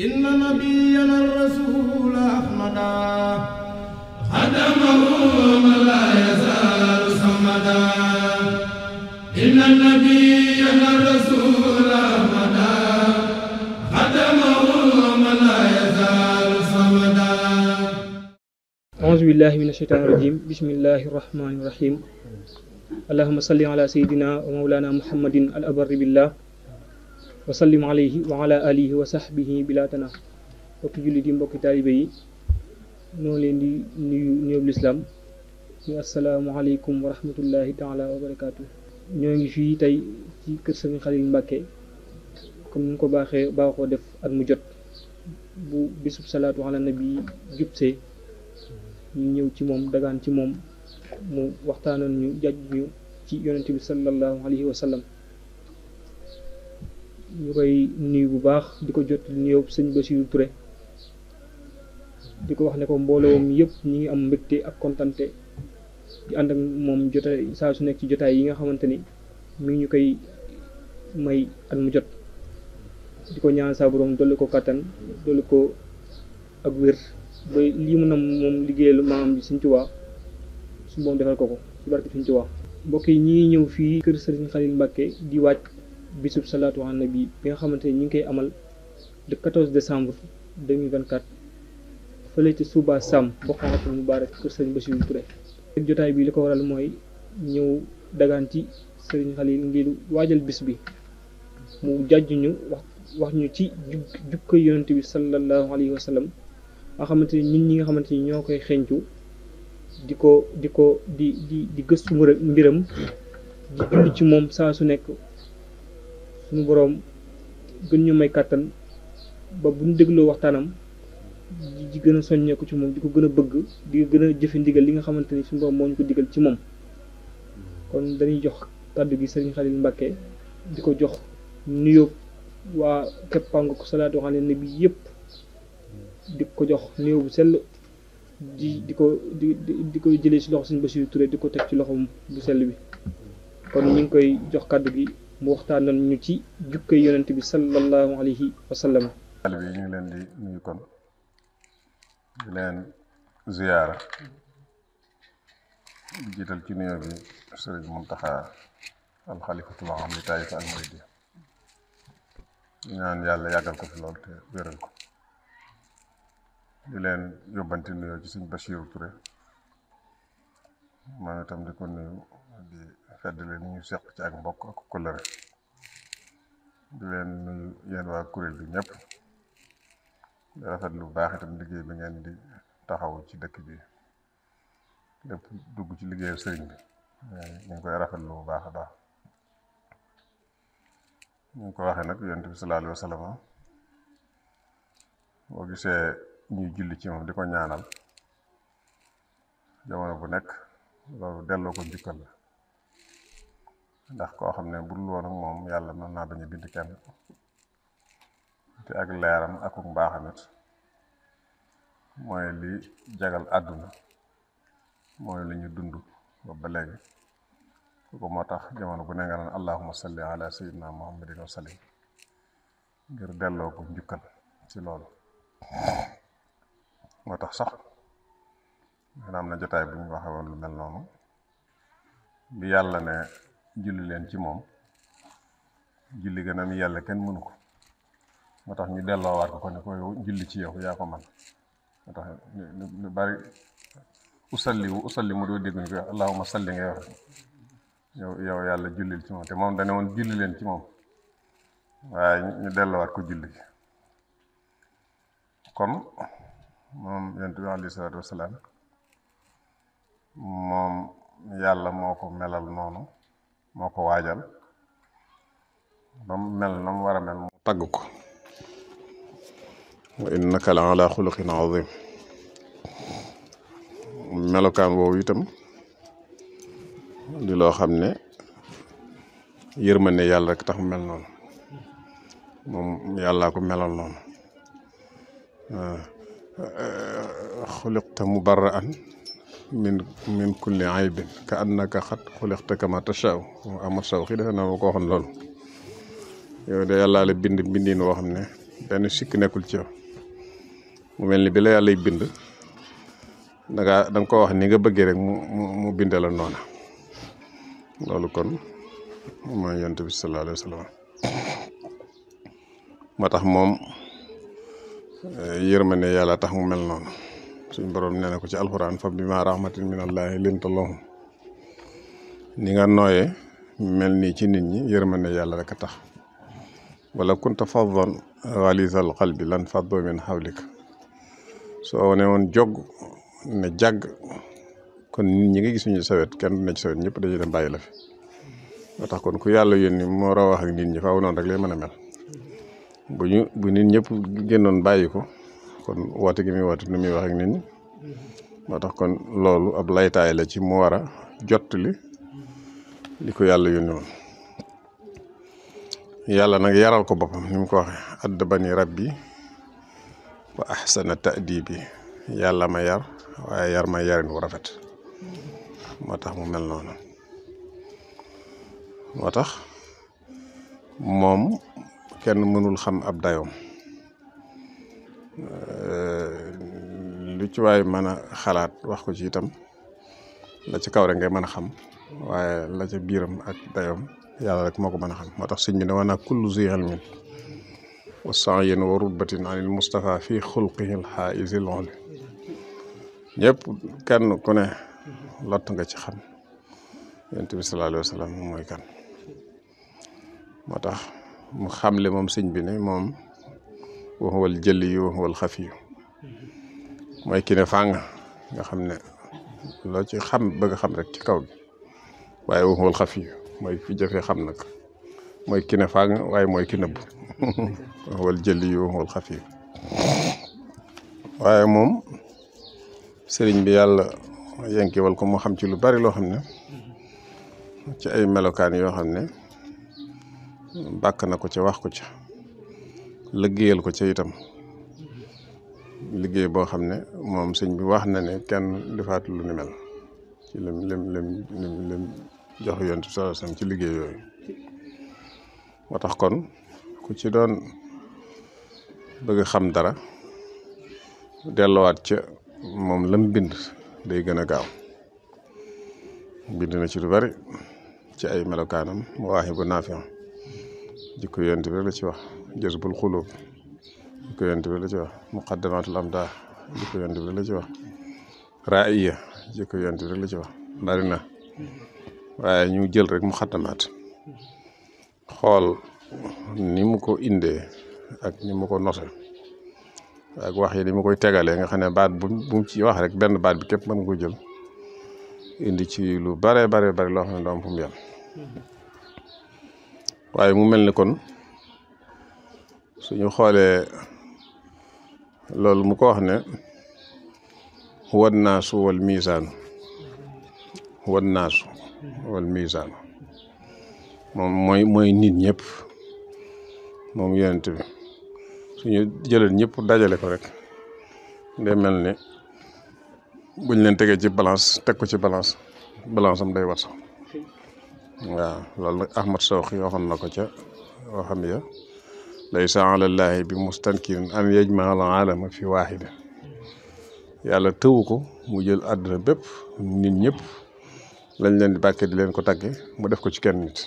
إن نبينا الرسول أحمدا خدمه لا يزال صمدا إن نبينا الرسول أحمدا خدمه لا يزال صمدا أعوذ بالله من الشيطان الرجيم بسم الله الرحمن الرحيم اللهم صل على سيدنا ومولانا محمد الأبر بالله وسلم عليه وعلى آله وصحبه بلا تناه بك جلدي مبك تاليبي نولين دي نيو نيو بالإسلام السلام عليكم ورحمة الله تعالى وبركاته نيو نجي تاي تي كرسمي خليل مبكي كم نكو باخي باخو دف المجد bu bisub salatu على nabi jubse ñu ñew ci mom dagan ci mom mu waxtaan ñu jajj ñu ci yonnati bi sallallahu alayhi wa sallam ñu nuyu bu baax di ko jot nuyoo sëñ Bassirou Touré di ko wax ne ko mbooloom yëpp ñi ngi am mbégte ak kontante di ànd ak moom jotaay saa su nekk ci jotaay yi nga xamante mi ngi ñu koy may at mu jot di ko ñaan saa borom dolli ko kattan dolli ko ak wér ba lii mu nam moom liggéeyal maam bi sëñ Tuubaa su moom defal ko ko ci barke sëñ Tuubaa mbokk yi ñi ñëw fii kër Serigne Khalil Mbacke di wàcc bisub salaatu ala nabi bi nga xamante ni ñu ngi koy amal le 14 décembre 2024 fële ci Suba Sam Bokhatul Moubarak kër Serigne Bassirou Touré ak jotaay bi li ko waral mooy ñëw dagaan ci Serigne Khalil ngir waajal bis bi mu jàjju ñu wax wax ñu ci jukko yonent bi sallallahu alayhi wa sallam nga xamante ni ñun ñi nga xamante ni ñoo koy xencu di ko di ko di di di gëstu mbiram di julli moom saa su nekk suñu borom gën ñu may katan ba bu ñu dégloo waxtaanam di gëna a ci mom di ko gën bëgg di gëna jëfë ndigal li nga xamanteni ni suñu borom moo ñu ko digal ci mom kon dañuy jox kaddu gi sëriñ xalil mbàkke di jox nuyo wa keppangu ko salatu ala nabi bi yépp di jox nuyo bu sel di diko di ci loxo suñu basiru touré diko tek ci loxo bu sel bi kon ñing koy jox kaddu gi mu waxtaanal ñu ci jukkay yonent bi sallallahu alayhi wa sallam al bi ñu ngi leen di nuyu kon di leen ziyaara jiital ci nuyoo bi sëriñ Muntaxa al xalifatul aam li taayifa al muridiya ñaan yàlla yàggal ko fi lool te wéral ko di leen yóbbante nuyoo ci sëriñ Bachirou Touré man itam di ko nuyu di feddale ni ñu seq ci ak mbokk ak kóllëre di leen nuyu waa kuréel bi ñëpp di rafet lu baax itam liggéey bi ngeen di taxaw ci dëkk bi lépp dugg ci liggéeyu sëriñ bi ñu ngi koy rafet lu bu baax a baax ñu ngi ko waxee nag yonent bi sallallahu alayhi wa boo gisee ñuy julli ci moom di ko ñaanal jamono bu nekk loolu delloo ko njukkal ndax koo xam ne bu dul woon ak moom yàlla mën naa bañ a bind kenn te ak leeram ak mbaaxam nit mooy li jagal àdduna mooy li ñu dund ba ba léegi kooku moo tax jamono bu ne nga naan allahumma salli ala sayyidina muhammadin wa sallim ngir delloo ko njukkal ci loolu moo tax sax maanaam na jotaay bu ñu waxee woon lu mel noonu bi yàlla ne julli leen ci moom julli gënam yàlla kenn mënu ko moo tax ñu delloowaat ko ko ne ko julli ci yow yaa ko man moo tax lu bari usalli wu usalli mu doo dégg ñu ko allahuma salli ngay wax yow yàlla jullil ci moom te moom dane woon julli leen ci moom waaye ñu delloowaat ko julli kon moom yonent bi alayhi salaatu wasalaam moom yàlla moo ko melal noonu moo ko waajal ba mu mel na mu war a mel mu tagg ko wa innaka la ala xuluqin azim melokaan woowu itam di loo xam ne yërmande yàlla rek tax mu mel noonu moom yàllaa ko melal noonu xuliqta mubarraan min min kulli aybin ka annaka xat xuliqta kama tashaw amar saw xi defe na ma ko waxoon loolu yow de yàllaa la bind bindiin woo xam ne benn sikk nekkul ci yow mu mel ni bi la yàllay bind dangaa da ko wax ni nga bëggee rek mu mu binde la noona loolu kon mooy yonent bi sallallahu alayhi wa moo tax moom yërmande yàlla tax mu mel noonu suñ borom neena ko ci alquran fa bima rahmatin min allah lin lahum ni nga noyé mel ci nit ñi yërmande yalla rek tax wala kunta faddan ghaliz alqalb lan faddo min hawlik so ne won jog ne jag kon nit ñi nga gis ñu sawet kenn ne ci sawet ñëpp dañu dem bayila fi motax kon ku yàlla yónni mo raw wax ak nit ñi faaw noonu rek lay mëna mel bu ñu bu nit ñëpp gennon bayiko kon woote gi muy woote nu muy wax ak nit moo tax kon loolu ab laytaay la ci mu war a jottali li ko yàlla yónni woon yàlla nag yaral ko boppam ni mu ko waxee addabani rabbi wa ahsana ta'dibi yàlla ma yar waaye yar ma yarin wu rafet moo tax mu mel noonu moo tax moom kenn mënul xam ab dayoom lu ci waay mën a xalaat wax ko ci itam la ci kaw rek ngay mën a xam waaye la ca biiram ak dayoom yàlla rek moo ko mën a xam moo tax sëñ bi ne waana kullu zi ilmin wa saayin wa rubbatin anil Mustafa fi xulqihi alxaaisi lonli ñëpp kenn ku ne lott nga ci xam yonent bi sallallahu alayhi wa sallam mooy kan moo tax mu xamle moom sëñ bi ne moom wa huwa al jëli wa huwa al xafi mooy ki ne fàng nga xam ne loo ci xam bëgg xam rek ci kaw gi waaye wa huwa al xafi mooy fi jafee xam nag mooy ki ne fàng waaye mooy ki nëbb wa huwa al jëli wa huwa al xafi waaye moom sëriñ bi yàlla yenkewal ko moo xam ci lu bari loo xam ne ci ay melokaan yoo xam ne bàkk na ko ca wax ko ca liggéeyal ko ci itam liggéey boo xam ne moom sëñ bi wax na ne kenn defaat lu ni mel ci lim lim lim jox yonent bi sallallahu ci liggéey yooyu moo tax kon ku ci doon bëgg xam dara dellowaat ca moom lam bind day gën a gaaw bind na ci lu bari ci ay melokaanam waaye bu naafiam jikko yonent bi rek la ci wax jazbul xulub li ko yonent bi la ci la ci wax raaya li ko yonent bi la wax bari na waaye ñu jël rek muqaddamaat xool ni mu ko indee ak ni mu ko nose ak wax yi ni mu koy tegalee nga xam ne baat bu bu ci wax rek benn baat bi képp mën nga ko jël indi ci lu bare bare bari loo xam ne doo am fu mm-hmm. waaye mu mel ni kon su ñu xoolee loolu mu ko wax ne wan naasu wal miisaan wan naasu wal miisaan moom mooy mooy nit ñëpp moom yonent bi suñu jëleen ñëpp dajale ko rek day mel ni buñ leen tegee ci balance teg ko ci balance balance am day war sax waaw loolu nag Ahmad Sawqi waxoon na ko ca waxam ya laysa alallaahi bi mustankirin an yajma al alama fi waaxida yàlla tëwu ko mu jël àdduna bépp nit ñëpp lañ leen di bàkkee di leen ko tagge mu def ko ci kenn nit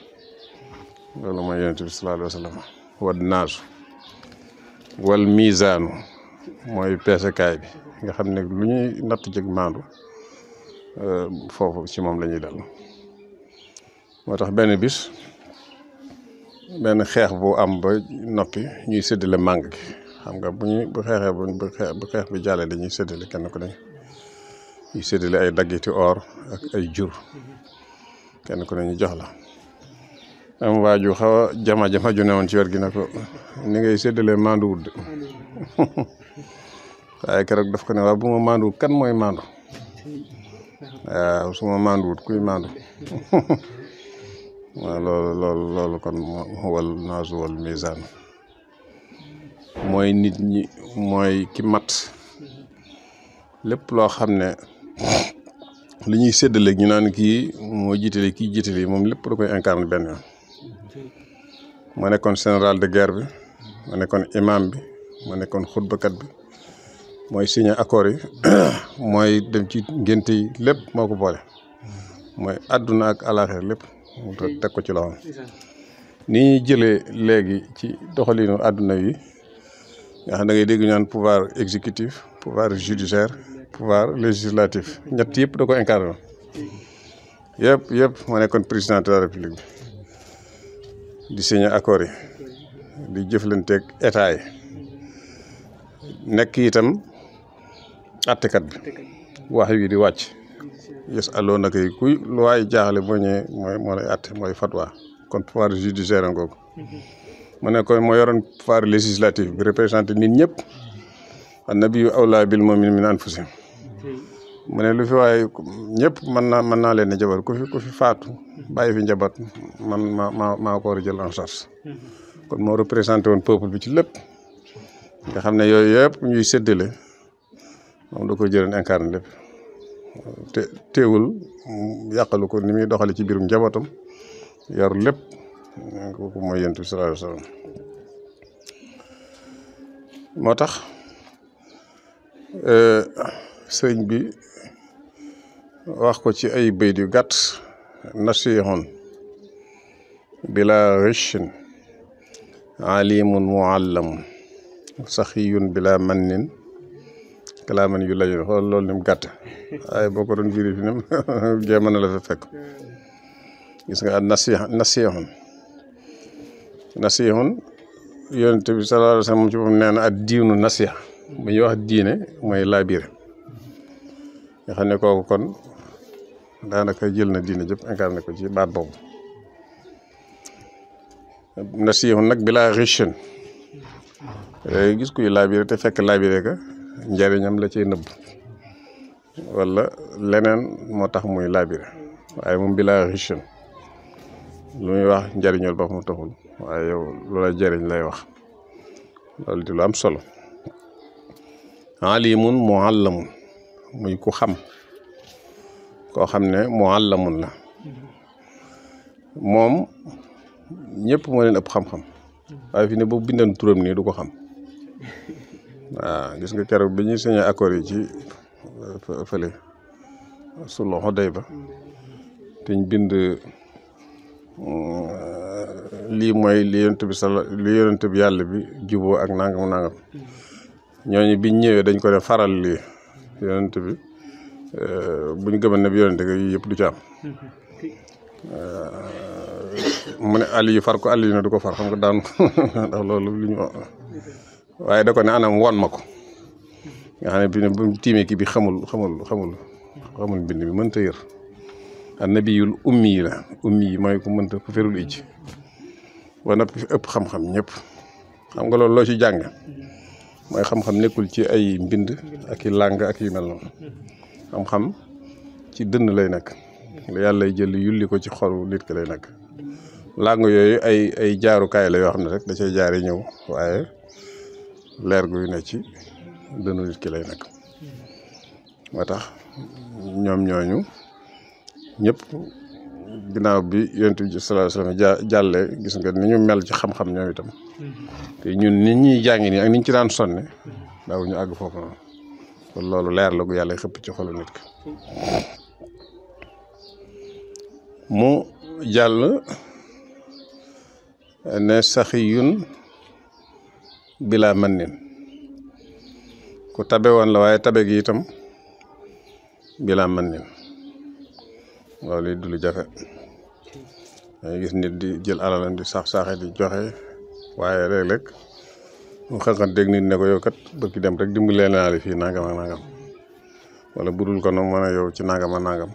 loolu mooy yonent bi sallallahu alayhi wa sallam wal miisaanu mooy peesekaay bi nga xam ne lu ñuy natt jëg maandu euh, foofu ci moom lañuy ñuy dal moo tax benn bis benn xeex bu am ba noppi ñuy séddale màng gi xam nga bu ñu bu xeexee bu xeex bi jàllee dañuy séddale kenn ku ne ñuy séddale ay daggiti or ak ay jur kenn ku ne ñu jox la am waaju xaw a jama jama ju ne woon ci wet gi ne ko ni ngay séddalee maanduwut de waaye keroog daf ko ne waaw bu ma maanduwut kan mooy maandu waaw su ma maanduwut kuy maandu waaw loolu loolu loolu kon wal naasu wal mooy nit ñi mooy ki mat lépp loo xam ne li ñuy séddale ñu naan kii moo jiitale kii jiitale moom lépp da koy incarne benn yoon ma nekkoon sénéral de guerre bi ma nekkoon imam bi ma nekkoon xutbakat bi mooy signé accord yi mooy dem ci ngénte yi lépp moo ko boole mooy àdduna ak alaaxir lépp mu teg ko ci loxo ni ñuy jëlee léegi ci doxaliinu àdduna yi nga xam da ngay dégg ñaan pouvoir exécutif pouvoir judiciaire pouvoir législatif ñett yëpp da ko incarné woon yëpp yëpp moo nekkoon président de la république di signé accord yi di jëflanteeg état yi nekk itam attekat bi wax yi di wàcc yes aloo naka yi kuy lu jaaxle boo ñëwee mooy moo lay atte mooy fatwa kon pouvoir judiciaire ngoogu mu ne kon moo yoroon pouvoir législatif bi représenté nit ñëpp an nabiyu awla bil mu'minin min anfusihim mu ne lu fi waaye ñëpp mën naa mën naa leen a jabar ko fi ku fi faatu bàyyi fi njaboot man ma ma maa ko a jël en charge kon moo représenté woon peuple bi ci lépp nga xam ne yooyu yëpp ñuy séddale moom da ko jëloon incarné lépp te teewul yàqalu ko ni muy doxale ci biirum njabootam yar lépp kooku mooy yonent bi sallallahu alayhi wa sallam moo tax eh, sëñ bi wax ko ci ay bayt yu gàtt nasihun bila richin alimun muallamun saxiyun bila mannin kalaaman yu layoon xool loolu ni mu gàtt waaye boo ko doon firi fi nam na la fa fekk gis nga nasiha nasihun nasihun yonent bi sallallahu alayhi wa ñuy wax diine mooy laabire nga daanaka jël na diine jëpp ko ci baat boobu nasihun nag bilaa richin gis kuy laabire te fekk laabire ka njariñam la cay nëbb wala leneen moo tax muy laabire waaye moom bi laa richen lu muy wax njariñul boppam taxul waaye loola jariñ lay wax loolu di lu am solo alimun muallamun muy ku xam koo xam ne muallamun la moom ñëpp moo leen ëpp xam-xam waaye fi ne boo bindan turam nii du ko xam waaw ah, gis nga keroog bi ñu signé accord yi ci euh, fële sullo xoday ba te bind euh, lii mooy li yonent bi sala li yonent bi yàlla bi juboo ak nangam nangam ñooñu biñ ñëwee dañ ko ne faral lii yonent bi euh, buñ gëmën ne bi yonent ga yëpp du ci am mu yi far ko àll yi du ko far xam nga daan ndax loolu li ñu waaye da ko ne anam won ma ko nga xam ne bi bu mu tiimee kii bi xamul xamul xamul mbind mi mënta yër annabiyul ummi yi la ummi yi mooy ku mënta ku ferul ij ba noppi ëpp xam-xam ñëpp xam nga lool loo ci jàng may xam-xam nekkul ci ay mbind ak i làng ak yu mel noonu xam-xam ci dënn lay nekk lu yàlla jël yulli ko ci xolu nit ki lay nekk làng yooyu ay ay jaarukaay la yoo xam ne rek da cay jaare ñëw leer guy ne ci dënnu nit ki lay nekk moo tax ñoom ñooñu ñëpp ginnaaw bi yonent bi sallallahu wa sallam jàlle gis nga ni ñu mel ci xam-xam ñoom itam te ñun nit ñuy jàngi nii ak niñ ci daan sonne daaw ñu àgg foofu noonu loolu leer la gu yàlla xëpp ci xolu nit ki mu jàll ne saxiyun bila manin ku tabe won la waye tabe gi itam bila manin lolou li dulu jafé ay gis nit di jël alalam di sax saxé di joxé waye rek rek mu xaxan deg nit ne ko yow kat bëgg dem rek dimbalee naa fi nangam nangam wala budul ko nag mën yow ci nangam nangam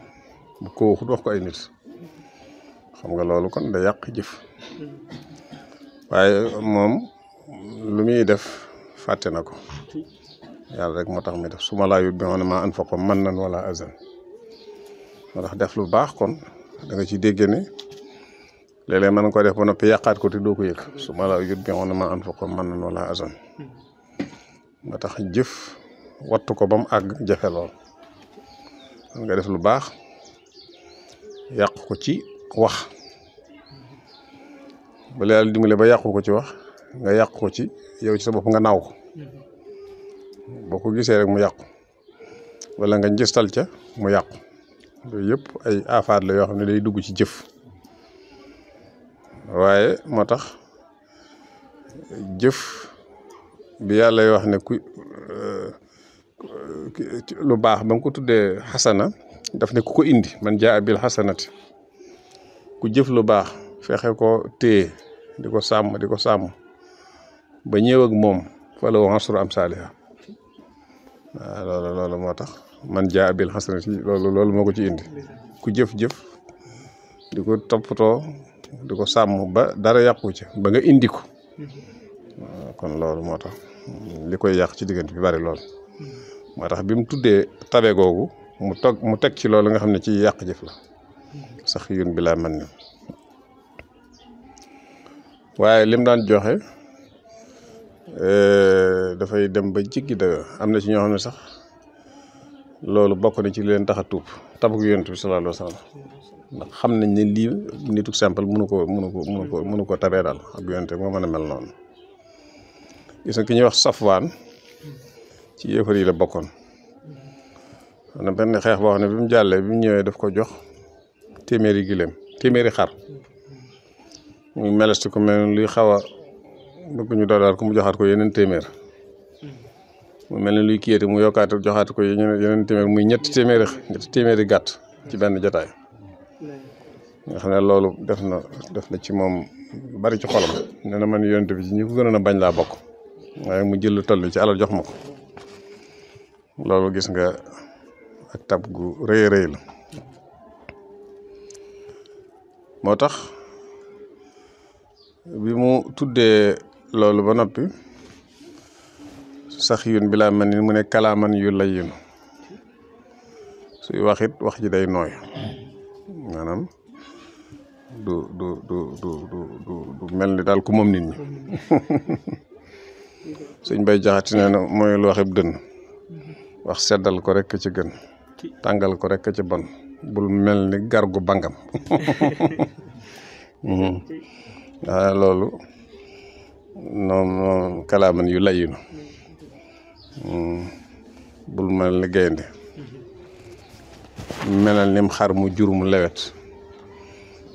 bu ko waxut wax ko ay nit xam nga lolou kon da jëf waye mom lu muy def fàtte na ko yàlla rek moo tax muy def su ma laa yóbbee woon maa anfaqo man nan wala azan moo tax def lu baax kon da ci dégg ne léeg-léeg nga ko def ba noppi yàqaat ko te doo ko yëg su ma laa yóbbee woon an anfaqo man nan wala azan moo tax jëf wattu ko ba mu àgg jafe lool man nga def lu baax yàq ko ci wax ba yàlla ba yàqu ko ci wax nga yàq ko ci yow ci sa bopp nga naaw ko boo ko gisee rek mu yàqu wala nga njëstal ca mu yàqu yooyu yëpp ay affaire la yoo xam ne day dugg ci jëf waaye moo tax jëf bi yàlla wax ne ku euh, lu baax ba ko tuddee xasana daf ne ku ko indi man jaa bil xasanati ku jëf lu baax fexe ko téye di ko sàmm di ko sàmm ba ñëw ak moom fa lahu asru amsaaliha waaw loolu loolu moo tax man jaa bil xasanati loolu loolu moo ko ci indi ku jëf-jëf di ko toppatoo di ko sàmm ba dara yàqu ci ba nga indi ko kon loolu moo tax li koy yàq ci diggant bi bari lool moo tax bi mu tuddee tabe googu mu toog mu teg ci loolu nga xam ne ci yàq jëf la sax yun bi laa mën ne waaye lim daan joxe Euh, dafay dem ba jiggi dayo am na ci ñoo xam ne sax loolu bokk na ci leen tax a tuub tabug yonent bi sallallahu alayhi wa ndax xam nañ ne lii nituk simple munu ko mënu ko mënu ko mënu ko tabee daal ak yonent moo mën a mel noonu gis nga ki ñuy wax safwaan ci yéefar yi la bokkoon benn xeex boo xam ne bi mu jàllee bi mu ñëwee daf ko jox téeméeri giléem téeméeri xar mu meles ci ko mel luy xaw bëgg ñu daal ko mu joxaat ko yeneen téeméer mu mel ne luy kiyeete mu yokkaat joxaat ko yeneen téeméer muy ñetti téeméeri ñetti téeméeri gàtt ci benn jotaay nga xam ne loolu def na def na ci moom bari ci xolam nee na man yonent bi ci ñi ko gënoon a bañ laa bokk waaye mu jël lu toll ci alal jox ma ko loolu gis nga ak tab gu rëy rëy moo tax bi mu tuddee loolu ba noppi sax yun bi laa mel ni mu ne kalaaman yu lay yun suy waxit wax ji day nooy maanaam du du du du du du mel ni daal ku moom nit ñi suñ bay jaxati nee na mooy lu waxib dënn wax seddal ko rek ci gën tàngal ko rek ci bon bul mel ni gargu bangam mhm. loolu noom noom kalaaman yu layinu mm. bul mel ni gaynde melal nim xar mu jur mu lewet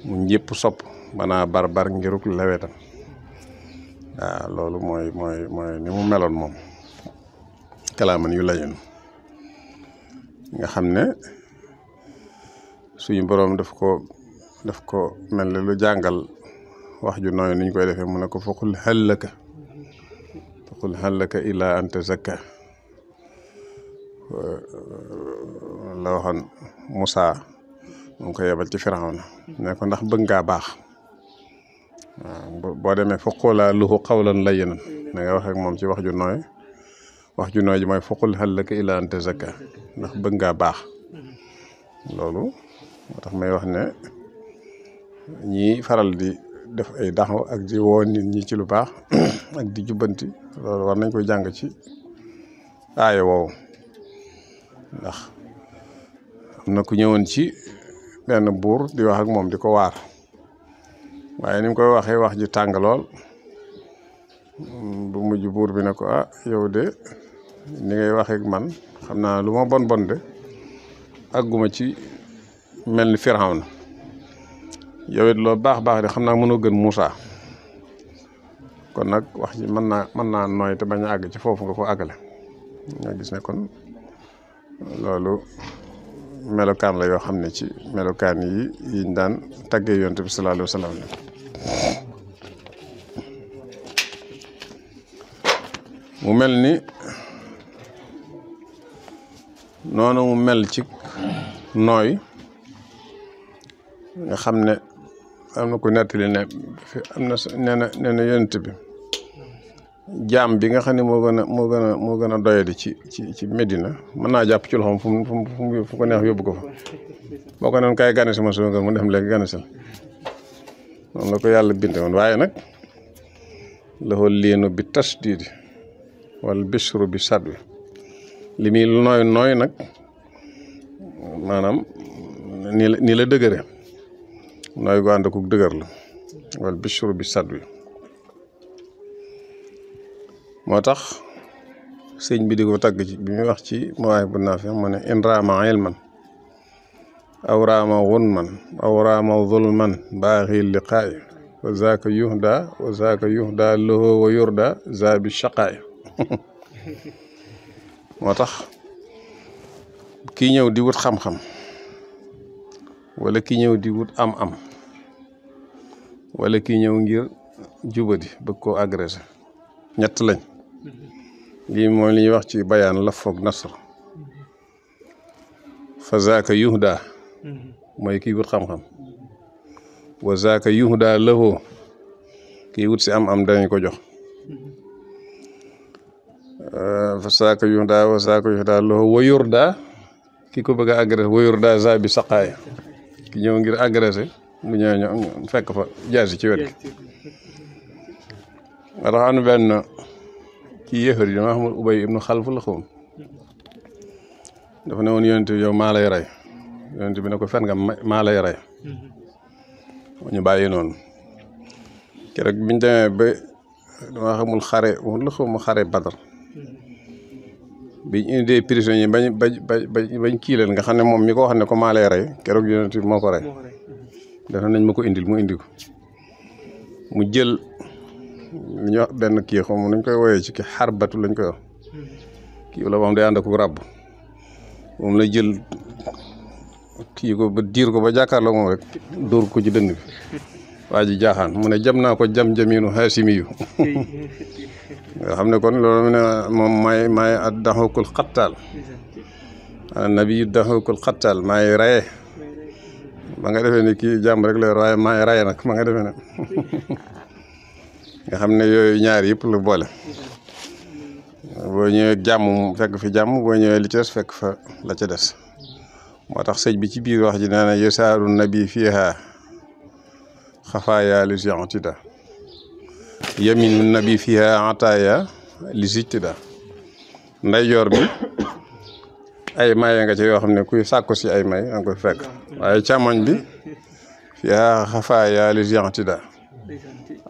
mu ñëpp sopp banaa barbar ngiruk lewetam waaw loolu mooy mooy mooy ni mu meloon moom kalaaman yu layinu nga xam ne suñu boroom def ko def ko mel ni lu jàngal wax ju nooy ni ñu koy defee mu ne ko faqul xallaka faqul xallaka ilaa anta zakka la waxoon Moussa mu ngi ko yebal ci Firawna ne ko ndax bëgg ngaa baax waaw boo demee faqulaa lahu qawlan layyinan da nga wax ak moom ci wax ju nooy wax ju nooy ji mooy faqul xallaka ilaa anta zakka ndax bëgg ngaa baax loolu moo tax may wax ne ñii faral di def ay daxaw ak di woo nit ñi ci lu baax ak di jubbanti loolu war nañ koy jàng ci aaya woowu ndax am na ku ñëwoon ci benn buur di wax moom di ko waar waaye ni mu koy waxee wax ji tàng lool bu mujj buur bi ne ko ah yow de ni ngay waxee man xam naa lu ma bon bon de àgguma ci mel ni Firawna yow loo baax baax de xam naa mënoo gën Moussa kon nag wax ji mën naa mën naa nooy te bañ a àgg ci foofu nga ko àggale nga gis ne kon loolu melokaan la yoo xam ne ci melokaan yi yiñ daan taggee yonte bi sallallahu alayhi wa mu mel ni noonu mu mel ci nooy nga xam ne am na ko nettali ne fi am na nee bi jaam bi nga xam ne moo gën a moo gën a moo gën a doyadi ci ci ci Medina mën naa jàpp ci loxoom fu mu fu mu fu ko neex yóbbu ko fa boo ko noon kaay gane si ma su ma ko yàlla binde woon waaye nag loxo liinu bi tas diidi wala bisru bi sàdd wi li nooy nooy nag maanaam nii la nii la dëgëre نوي غو اندكو دغر لا وال بشرو بسدوي موتاخ سيغن بي ديكو تاغ سي بيمي واخ سي موي بو نافع من ان راما علما او راما غنما او راما ظلما باغي اللقاء وذاك يهدى وذاك يهدى له ويردى ذا بالشقاء موتاخ كي نيو دي ووت خام خام ولا كي نيو دي ووت ام ام wala kii ñëw ngir jubadi bëgg koo agressé ñett lañ lii mooy li ñuy wax ci bayaan la foog nasr fa zaaka yuhda mooy kii wut xam-xam wa zaaka yuhda lahoo kii wut si am-am danañ ko jox fa zaaka yuhda wa zaaka yuhda lahoo wa yurda ki ko bëgg a agressé wa yurda za bi saqaaya ki ñëw ngir agressé mu ñëwee ñu fekk fa jaasi ci wet gi nga tax am benn ci yéefar yi dama xamul ubay ibnu xalfu la xawum dafa ne woon yonent bi yow maa lay bi na ko fen nga maa lay rey ñu bàyyi noonu keroog biñ demee ba dama xamul xare waxul la xawma xare badar biñ indee prisonnier bañ bañ bañ bañ kii leen nga xam ne moom mi ko wax ne ko maala lay rey keroog yonent bi moo ko rey dafa nañ ma ko indil mu indi mu jël li ñuy wax benn kii xaw koy woyee ci ki xarbatu lañ koy wax la boo xam day ànd ak ràbb moom jël kii ko ba diir ko ba jàkkaarloo moom rek dóor ko ci dënn bi jaaxaan mu ne jam naa ko jam-jamiinu haasimi yu nga xam ne kon loolu mu ne moom maay maay ad daxokul xattaal nabi daxokul xattaal maay raye ba nga defee ni kii jàmm rek la raay maay raay nag ma nga defee ne nga xam ne yooyu ñaar yëpp la boole boo ñëwee jàmm fekk fi jàmm boo ñëwee li ci des fekk fa la ca des moo tax sëñ bi ci biir wax ji nee na yasaaru nabi fiiha xafaaya li si antida yaminu nabi fiiha ataaya li sittida ndeyjoor bi ay maye nga ci yoo xam ne kuy sàkku si ay may da nga koy fekk waaye càmmoñ bi yaa xafaa yaa li gentida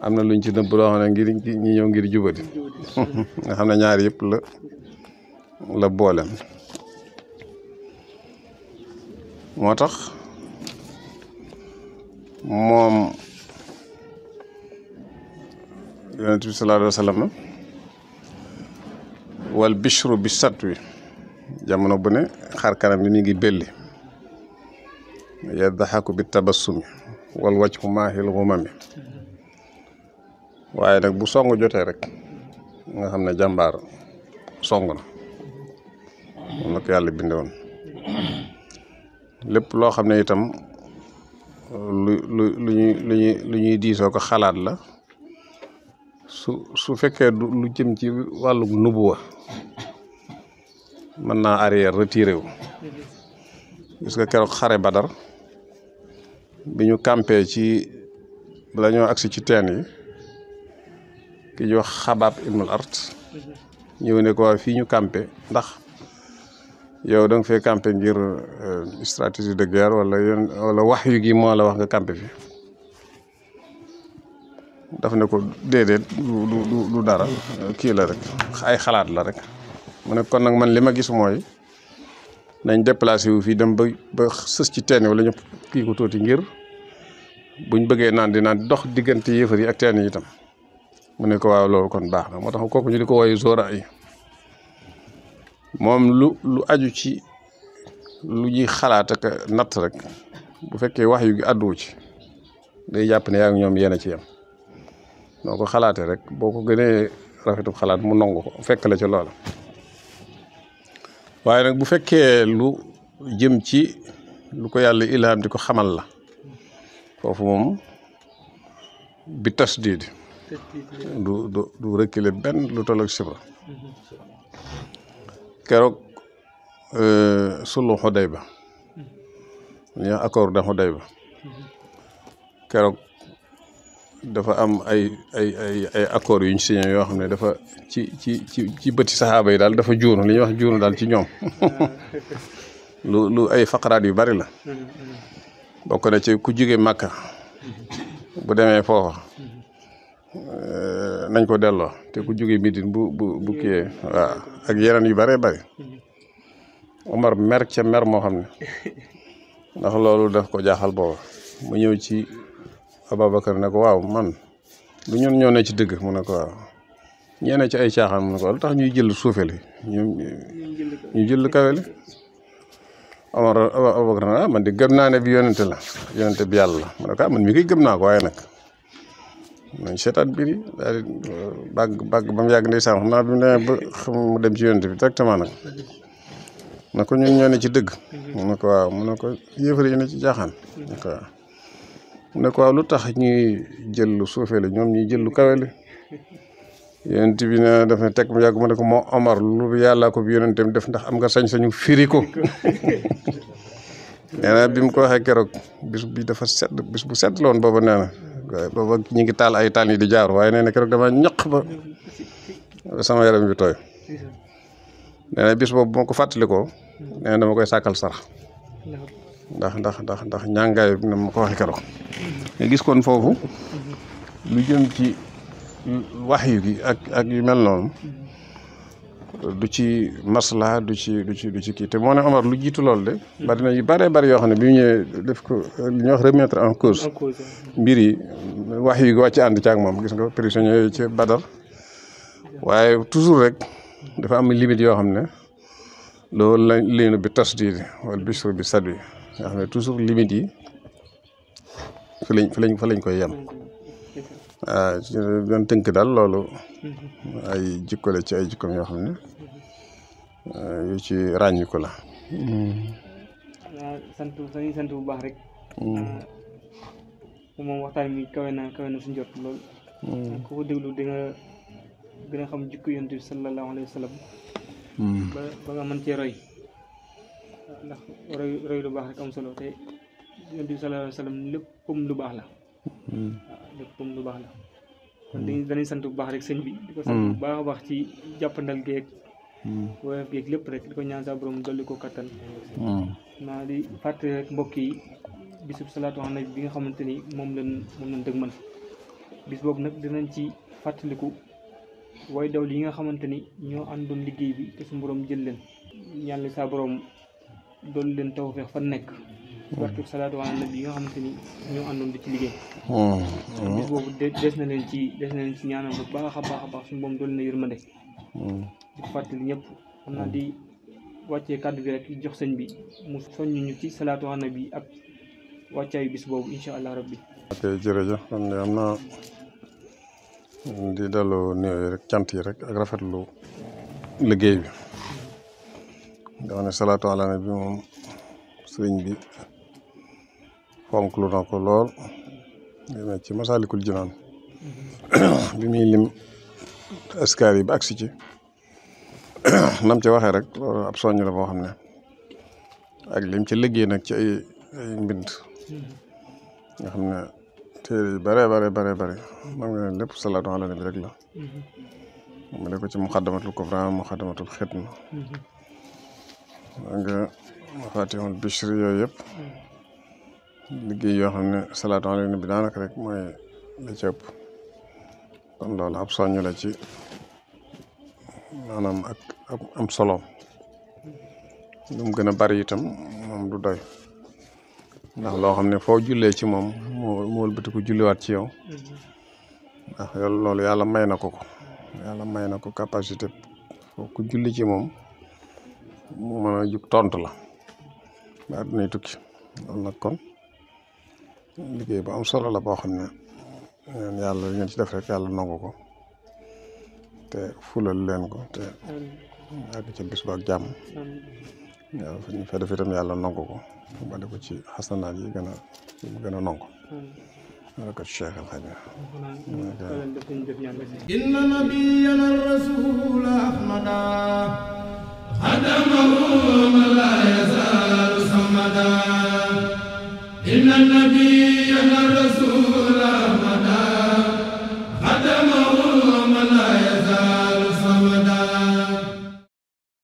am na luñ ci nëbb loo xam ne ngir ñi ñëw ngir jubadi nga xam ne ñaar yëpp la la boolem moo tax moom yonent bi sallallahu alayhi wa sallam wal bishru bi satwi jamono bu ne xar kanam bi mi ngi belli yaddaxaku bit tabassumi wal wajhu maahil xumami waaye nag bu song jotee rek nga xam ne jàmbaar song na moom nag yàlla bindewoon lépp loo xam ne itam lu lu lu ñuy diisoo ko xalaat la su su fekkee lu jëm ci wàllu nubuwa mën naa arrière retiré wu gis nga keroog xare badar bi ñu campé ci bala ñoo agsi ci teen yi ki ñu wax xabaab ibnul art ñëw ne ko waa fii ñu campé ndax yow da fe fee campé ngir euh, stratégie de guerre wala wax yu gi moo la wax nga campé fi daf ne ko déedéet du du du dara kii la rek ay xalaat la rek mu ne kon nag man li ma gis mooy nañ déplacé wu fii dem ba ba sës ci teen wala ñu kii ko tuuti ngir buñ bëggee naan di dox diggante yëfar yi ak teen yi itam mu ne ko waaw loolu kon baax na moo tax kooku ñu di ko woowee zora moom lu lu aju ci lu ñuy xalaat ak natt rek bu fekkee wax yu gi àdduwu ci day jàpp ne yaa ngi ñoom yéen a ci yam noo ko xalaate rek boo ko gënee rafetu xalaat mu nongu ko fekk la ci loola waaye nag bu fekkee lu jëm ci lu ko yàlla ilham di ko xamal la foofu moom bi tasdiid du du du benn lu toll ak sibra keroog euh, sulu Xudayba ñu accord de Xudayba keroog dafa am ay ay ay ay accords yu ñu signé yoo xam ne dafa ci ci ci ci bëti saxaaba yi daal dafa juunu li ñuy wax juunu daal ci ñoom lu lu ay faqaraat yu bari la bokk na ci ku jóge Makka bu demee foofa euh, nañ ko delloo te ku jóge Midine bu bu bu kiyee ak yeneen yu bare bëri Omar mer ca mer moo xam ne ndax loolu daf ko jaaxal booba mu ñëw ci Ababacar ne ko waaw man du ñun ñoo ci dëgg mu ne ko waaw ñeene ci ay caaxaan mu ne ko lu tax ñuy jël suufeli ñu ñu jël kaweli Omar Ababacar ne ah man di gëm naa ne bi yonente la yonente bi yàlla la mu ne ko ah gëm naa ko waaye nag nañ seetaat uh, bàgg ba mu yàgg ndeysaan xam mu demee ba xam mu dem ci ci dëgg mu ne ko waaw mu ko yéefar yi ci caaxaan ne ko waaw lu tax ñuy jël lu suufee la ñoom ñuy jël lu kawe la yonent bi nee na daf ne teg mu yàgg ma ne ko moo Omar lu yàllaa ko bi yonentam def ndax am nga sañ-sañu firi na bi mu ko waxee keroog bis bi dafa sedd bis bu sedd la woon na booba ñu ngi taal ay taal yi di waaye nee na keroog dama ñaq ba sama yaram boobu bu ko fàttalikoo nee na dama koy sàkkal sarax ndax ndax ndax ndax ñàngaay bi na ko waxee keroog nga gis kon foofu lu jëm ci wax yu gi ak ak yu mel noonu du ci masla du ci du ci du ci kii te moo ne Omar lu jiitu loolu de bari na yu bëree bëri yoo xam ne bi ñu def ko li ñuy wax remettre en cause mbir yi wax yu gi wàcc ànd ci ak moom gis nga prisonniers yi ci Badar waaye toujours rek dafa am limite yoo xam ne loolu la liinu bi tasdiidi wala bisru bi sadwi nga xam ne toujours limite yi fa lañ fa lañ fa lañ koy yem waaw ah, doon tënk daal loolu ay jikko la ci ay jikkoom yoo xam ne ah, yu ci ràññiku la sant dañuy bu baax rek hmm. ah, moom waxtaan mi kawe na kawe na su lool hmm. ku ko déglu di nga gën a xam jikko yonent bi sallallahu alayhi wa sallam hmm. ba ba nga mën cee ndax roy roy lu baax rek am solo te yonent bi sallallahu alayhi léppam lu baax la hmm. waaw léppam lu baax la kon hmm. dañuy dañuy sant bu baax rek sëñ bi di ko sant bu hmm. baax baax ci jàppandal geeg woyof geeg lépp rek di ko ñaan saa borom dolli ko kattan naa di fàttali rek mbokk yi bisub salaatu ala nabi bi nga xamante ni moom lañ moom lañ dëgmal bis boobu nag dinañ ci fàttaliku way daw li nga xamante ni ñoo àndoon liggéey bi te su borom jël leen ñaan saa borom doolu leen tawfeex fan nekk barke salaatu ala yi nga xamante ni ñoo àndoon di ci liggéey hmm. bis boobu des na leen ci des na leen ci ñaanal bu baax a baax a baax suñu boom doolu na yërmande hmm. di fàttali di wàccee kàddu gi rek jox sëñ bi mu soññu ci salaatu ala nabi ak wàccaayu bis boobu incha allah rabbi ok jërëjëf xam ne am naa di delloo nuyoo yi rek cant yi rek ak rafetlu liggéey bi داون صلاتو على النبي موم سيرن بي فونكلو نكو لول ديما سي مسالك الجنان بيمي لم اسكاري با اكسي تي نام تي واخي رك اب سوني لا بو خامني نك تي اي بنت nga xamne téré bare bare bare bare mom nga lepp salatu ala nabi rek la mom mm-hmm. ne ko nga fatihul bichri yooyu yëpp liggéey yoo xam ne salaatu ala bi daanaka rek mooy la ci loolu ab soññ la ci maanaam ak am solo lu mu gën a bari itam moom du doy ndax loo xam ne foo jullee ci moom moo mu wëlbati ko julliwaat ci yow ndax loolu yàlla may na ko ko yàlla may na ko capacité foo ku julli ci moom mu a jug tontu la ba dinay tukki loolu nag kon liggéey bu am solo la boo xam ne ñeen yàlla ngeen ci def rek yàlla nangu ko te fulal leen ko te àgg ca bis ba ak jàmm yàlla fa yàlla nangu ko ba di ko ci xasanaat yi gën a mu gën a nangu بركة الشيخ الخليل إن يزال صمدا إن النبي الرسول